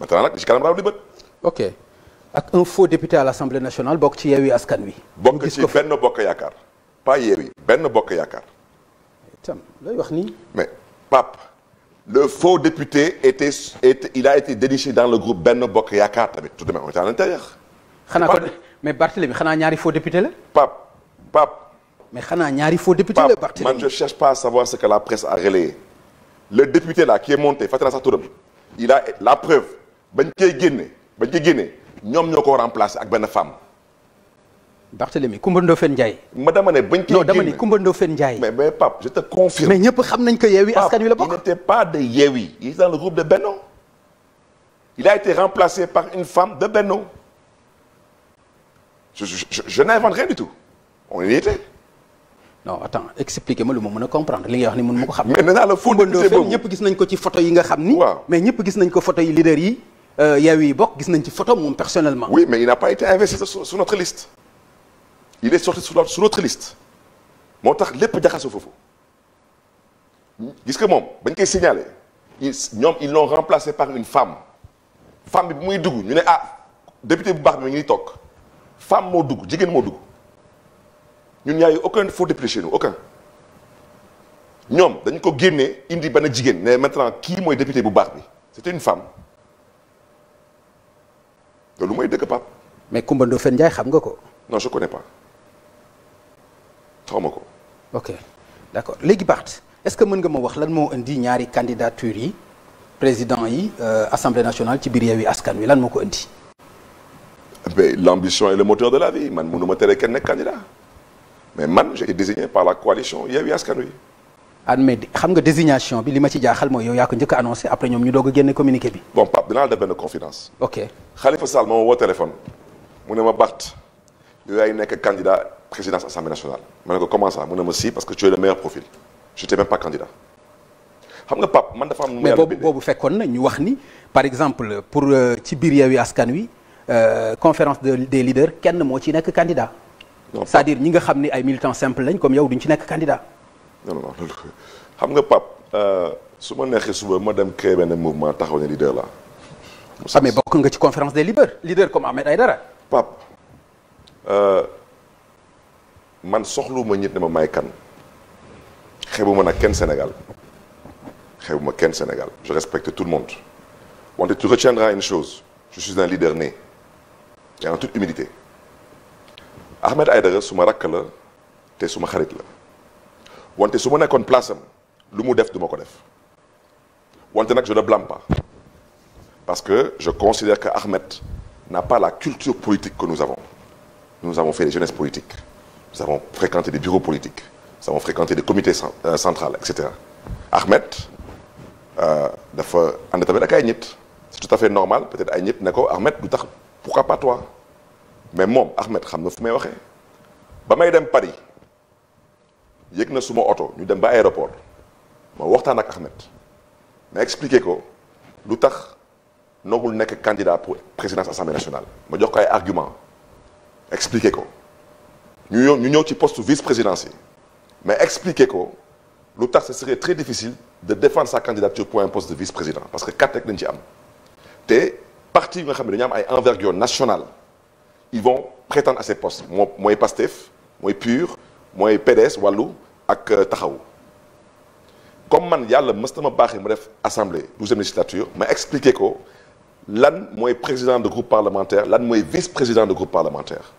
maintenant nag li ci kanam daal di bët. ok ak un faux député à l'Assemblée nationale bokk ci Yewwi Askan Wi. bokk ci benn bokk yaakaar pas Yewwi benn bokk yaakaar. itam looy wax nii. mais Pape le faux député était a été déniché dans le groupe benn bokk yaakaar tamit tout de même on était à l'intérieur. xanaa mais Barthélémy xanaa ñaari faux député la. Pape Pape. mais xanaa ñaari faux député la Barthélémy man je cherche pas à savoir ce que la presse a relayé. le député là qui est monté fàttali naa sax turam il a la preuve. bañ cee génne bañ cee génne ñoom ñoo ko remplacé ak benn femme. Barthélémy Coumba Ndoffène Ndiaye. ma dama ne bañ cee génne non dama ni Coumba Ndoffène Ndiaye. mais mais Pape je te confirme. mais ñëpp xam nañ ko Yewwi Askan Wi la bokk. il a été remplacé par une femme de Benno. je je je, je n'invente rien tout on y était. non attends expliquez ma lu ma mën a comprendre li nga wax ni mën ma ko xam. mais nee naa la gis nañ ko ci photo yi nga xam ni. waaw mais ñëpp gis nañ ko photo yi leader yi. Euh, Yewwi yi bokk gis nañ ci photo moom personnellement. oui mais il n'a pas été investi sur notre liste il est sorti sur notre sur moo tax lépp jaxasoo foofu gis nga moom bañ koy signalé ñoom ils l'ont remplacé par une femme femme bi muy dugg ñu ne ah député bu baax bi mi ngi nii toog femme moo dugg jigéen moo dugg ñun y a eu aucun faux député chez nous aucun ñoom dañ ko génnee indi ba na jigéen ne maintenant kii mooy député bu baax bi c'était une femme. loolu mooy dëgg Pape. mais Coumba Ndoffène Ndiaye xam nga ko. non je connais pas xaw ma ko. ok d' accord léegi Barth est ce que mën nga ma wax lan moo indi ñaari candidature yi président yi euh, assemblée nationale ci biir Yewwi Askan Wi lan moo ko indi. mais l' ambition est le moteur de la vie man mënu ma tere kenn nekk candidat mais man j'ai été désigné par la coalition Yewwi Askan Wi. admet xam nga désignation bi li ma ci jaaxal mooy yow yaa a annoncé a génne communiqué bi. bon Pape dinaa la def benn confidence. ok Khalifa Sall ma nekk candidat présidence assemblée nationale ma ne ko comment ça mu ne xam nga Pape man dafa am. mais boobu boobu fekkoon na ñu wax ni par exemple pour euh, ci biir Yewwi Askan Wi euh, conférence des leaders kenn moo ci nekk candidat. cest dire ñi nga xam ni ay militants simples lañ comme yow duñ ci nekk candidat. non non loolu xam nga pap euh, su ma neexee suba ma dem créer benn mouvement taxaw ne leader la ah mais bokk nga ci conférence des leaders leader comme Ahmed Aïdara pap euh, man soxlu ma ñit ne ma may kan xeebu ma nag kenn Sénégal xeebu ma kenn Sénégal je respecte tout le monde wante tu retiendras une chose je suis un leader né et en toute humilité Ahmed Aïdara su ma rakk la te su ma xarit la wante su ma nekkoon place am lu mu def du ma ko def wante nag je ne blâme pas parce que je considère que Ahmed n'a pas la culture politique que nous avons nous avons fait des jeunesses politiques nous avons fréquenté des bureaux politiques nous avons fréquenté des comités euh, centrales etc Ahmed euh, dafa ànd tamit ak ay nit c'est tout à fait normal peut-être ay nit ne ko Ahmed du tax pourquoi pas toi mais moom Ahmed xam na fu may waxee ba may dem Paris yëg na suma oto ñu dem ba aéroport ma waxtaan ak Ahmed ma expliqué ko lu tax nogul nekk candidat pour présidence assemblée nationale ma jox ko ay argument explique ko ñu ñëw ñu ñëw ci poste vice présidence yi mais expliqué ko lu tax ce serait très difficile de défendre sa candidature pour un poste de vice président parce que quatre rek dañ ci am te parti yi nga xam ne dañu am ay envergure nationale ils vont prétendre à ces postes moo mooy PASTEF mooy PUR mooy PDS wallu ak euh, taxaw comme man yàlla mës na ma baaxee ma def assemblée douzième législature ma expliqué ko lan mooy président de groupe parlementaire lan mooy vice président de groupe parlementaire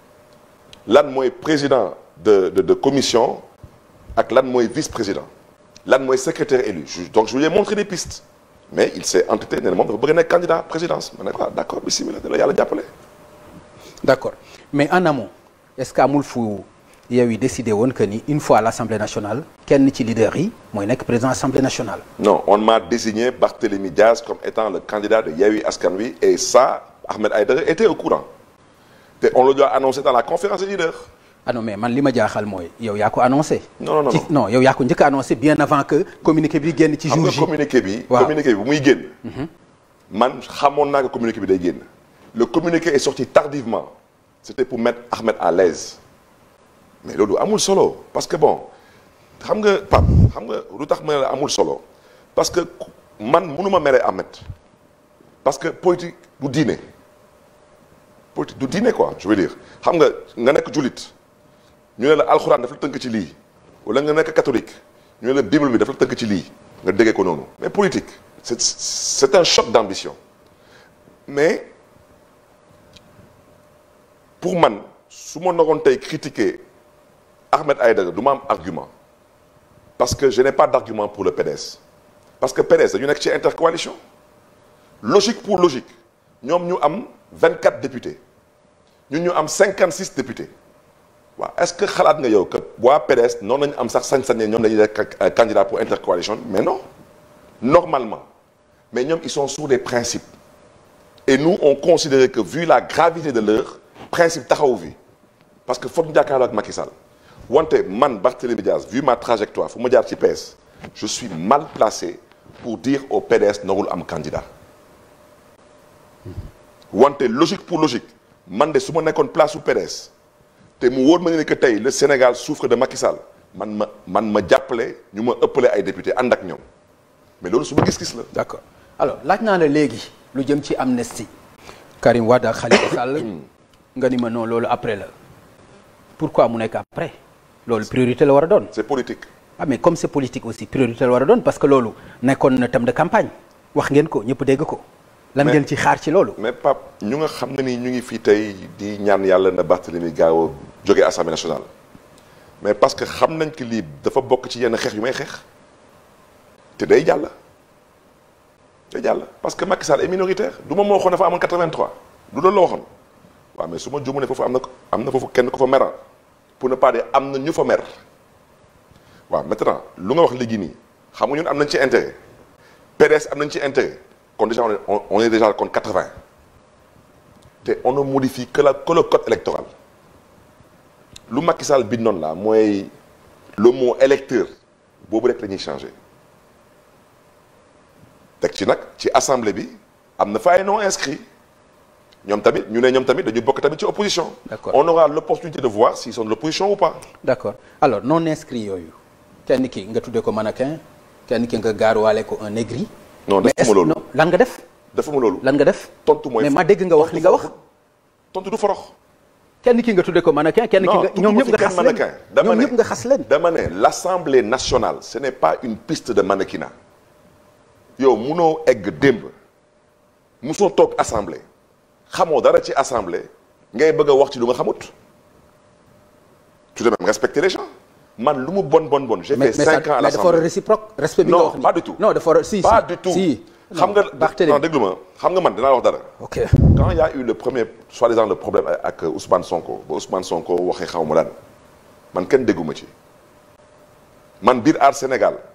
lan mooy président de de de commission ak lan mooy vice président lan mooy secrétaire élu donc je lui ai des pistes mais il s'est entêté ne moom dafa bëgg a nekk candidat présidence ma ne ko ah, d'accord bismillah da la yàlla d'accord mais en est-ce que amul fu. Yewwi décidé woon que ni une fois à l'Assemblée nationale kenn ci leader yi mooy nekk président Assemblée nationale. non on m'a désigné Barthélémy Diaz comme étant le candidat de Yewwi Askan et ça Ahmed Aïdara était au courant te on le doit annoncer dans la conférence des leaders. ah mais man li ma jaaxal mooy yow yaa ko non non non non yow yaa ko njëkk a annoncé bien avant que communiqué bi génn ci jour J. communiqué bi waaw communiqué bi bu muy génn. Mhm. man xamoon naa que communiqué bi day génn. le communiqué est sorti à l'aise mais loolu amul solo parce que bon xam nga Pape xam nga lu tax ma la amul solo parce que man ma meree am Ahmed parce que politique du diine politique du diine quoi je veux dire xam nga nga nekk julit ñu ne la alxuraan dafa la tënk ci lii wala nga nekk catholique ñu ne la bible bi dafa la tënk ci lii nga déggee ko noonu mais politique c'est c'est un choc d'ambition mais pour man su ma naroon tey critiquer Ahmed Aïdara du ma am argument parce que je n'ai pas d'argument pour le PDS parce que PDS dañu nekk ci intercoalition logique pour logique ñoom ñu am 24 députés ñun ñu am 56 députés waaw est-ce que xalaat nga yow que waa PDS noonu lañu am sax sañ-sañ ñoom dañuy nekk euh, candidat pour intercoalition mais non normalement mais ñoom ils sont sur des principes et nous on considérait que vu la gravité de l'heure principe taxawu fi parce que foog ñu jàkkaarloo ak wante man Barthélémy Diaz vu ma trajectoire fu ma jaar ci PS je suis mal placé pour dire au PDS narul am candidat wante logique pour logique man de su ma nekkoon place su PDS te mu wóor ma ne que tey le Sénégal souffre de Macky man ma man ma jàppale ñu ma ëppale ay député ànd ak ñoom mais loolu su ma gis-gis la. d'accord laaj naa la léegi lu jëm ci amnistie Karim Wade ak Khalifa Sall nga ni ma non loolu après la pourquoi mu nekk après. loolu priorité la war a doon. c'est politique. ah comme c'est politique aussi priorité la war a doon parce que loolu nekkoon na thème de campagne wax ngeen ko ñëpp dégg ko. lan ngeen ci xaar ci loolu. mais Pape ñu nga xam ni ñu ngi fii tey di ñaan yàlla na Barthélemy gaaw a jóge assemblée nationale mais parce que xam nañ ki lii dafa bokk ci yenn xeex yu may xeex te day jàll. day jàll parce que Macky Sall est minoritaire du ma moo waxoon dafa amoon 83 du loolu la waxoon waaw mais su ma juumalee foofu am na ko am na foofu kenn ko fa meral pour ne pas am na ñu fa mer waaw maintenant lu nga wax léegi nii xam nga ñun am nañ ci intérêt PDS am nañ ci intérêt kon déjà on on est déjà kon 80 te on ne modifie que la que le code électoral lu Macky Sall noon la mooy le mot électeur boobu rek lañuy changé teg ci nag ci assemblée bi am na fa ay non ñoom tamit ñu ne ñoom tamit dañu bokk tamit ci opposition. d'accord on aura l'opportunité de voir s'ils sont de l'opposition ou pas. d'accord alors non inscrits yooyu kenn ki nga tuddee ko mannequin kenn ki nga gaaruwaale ko un aigri. non defuma loolu mais lan nga def. defuma loolu lan nga def. tontu mooy mais ma dégg nga wax li nga wax. tontu du forox. kenn ki nga tuddee ko mannequin kenn ki nga ñoom ñëpp nga xas leen ñoom ñëpp nga xas leen. dama ne l'Assemblée nationale ce n'est pas une piste de mannequinat yow munoo egg démb musoo toog assemblée. xamoo dara ci assemblée ngay bëgg a wax ci lu nga xamut tout de même respecter les gens man lu mu bon bon bon. j'ai fait cinq ans à l'assemblée mais dafa war a réciproque respect bi nga wax nii non pas du tout. non dafa war a si si pas du tout xam nga non déglu ma xam nga man dinaa wax dara. ok quand il y a eu le premier soi-disant le problème ak Ousmane Sonko ba Ousmane Sonko waxee xaw ma daan man kenn déggu ma ci man biir aar Sénégal.